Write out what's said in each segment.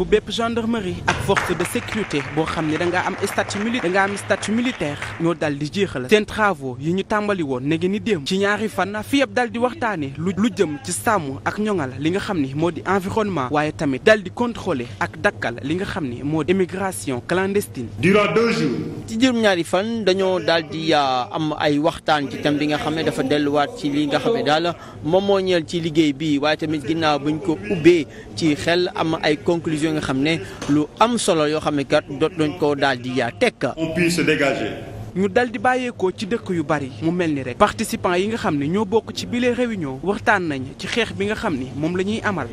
bu bépp gendarmerie ak force de sécurité boo xam ne da nga am statut mili da nga am statut militaire ñoo dal di jeexal seen travaux yi ñu tàmbali woon ne ngeen ni démb ci ñaari fan fi yëpp dal waxtaane lu lu jëm ci sàmm ak ñoŋal li nga xam ni moo di environnement waaye tamit dal di contrôler ak dakkal li nga xam ni moo di immigration clandestine. du deux jours. ci juróom-ñaari fan dañoo daal di euh, am ay waxtaan ci thème bi nga xam ne dafa delluwaat ci li nga xam ne daal moom moo ñeel bi waaye tamit ginnaaw buñ ko ubbee ci nga xam ne lu am solo yoo xam ne kat jot nañ koo daal di yaa tekk. on puisse se dégager. ñu dal di bàyyeekoo ci dëkk yu bari mu mel ni rek participants yi nga xam ne ñoo bokk ci bile réunion waxtaan nañu ci xeex bi nga xam ni moom la ñuy amal.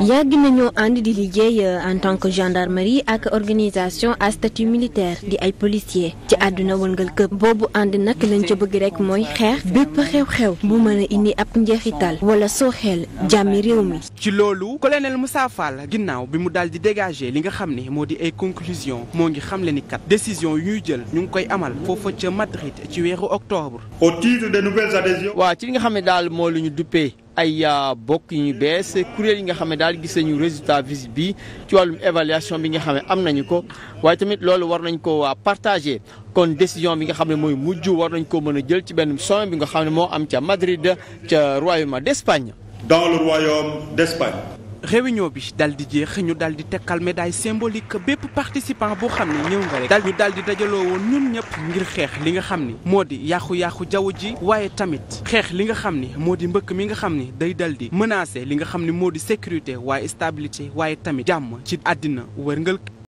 yàgg nañoo ànd di liggéey euh, en tant que gendarmerie ak organisation à statut militaire di ay policiers ci àdduna wëngal këpp boobu ànd nag lañ ca bëgg rek mooy xeex bépp xew-xew bu mën indi ab njeexital wala sooxeel jàmmi réew mi. ci loolu colonel Moussa Fall ginnaaw bi mu daal di dégager li nga xam ne moo di ay conclusions moo ngi xamle ni kat décision yu ñuy jël ñu ngi koy amal foofa ca Madrid ci weeru octobre. au titre des nouvelles adhésions. ci li nga xam ne daal moo lu ñu duppee ay euh, bokk yu ñu bees kuréel yi nga xam ne daal gis nañu résultat visite bi ci wàllum évaluation bi nga xam ne am nañu ko waaye tamit loolu war nañ ko partagé kon décision bi nga xam ne mooy mujj war nañ ko mën a jël ci benn sommet bi nga xam ne moo am ca Madrid ca royaume d'Espagne. dans le royaume d'Espagne. réunion bi dal di jeex ñu dal di tekkal médaille symbolique bépp participant boo xam ne ñëw nga rek dal ñu dal di dajaloo woon ñun ñëpp ngir xeex li nga xam ni moo di yàqu-yàqu jaww ji waaye tamit xeex li nga xam ne moo di mbëkk mi nga xam ni day dal di menacer li nga xam ne moo di sécurité waaye stabilité waaye tamit jàmm ci àddina wërngal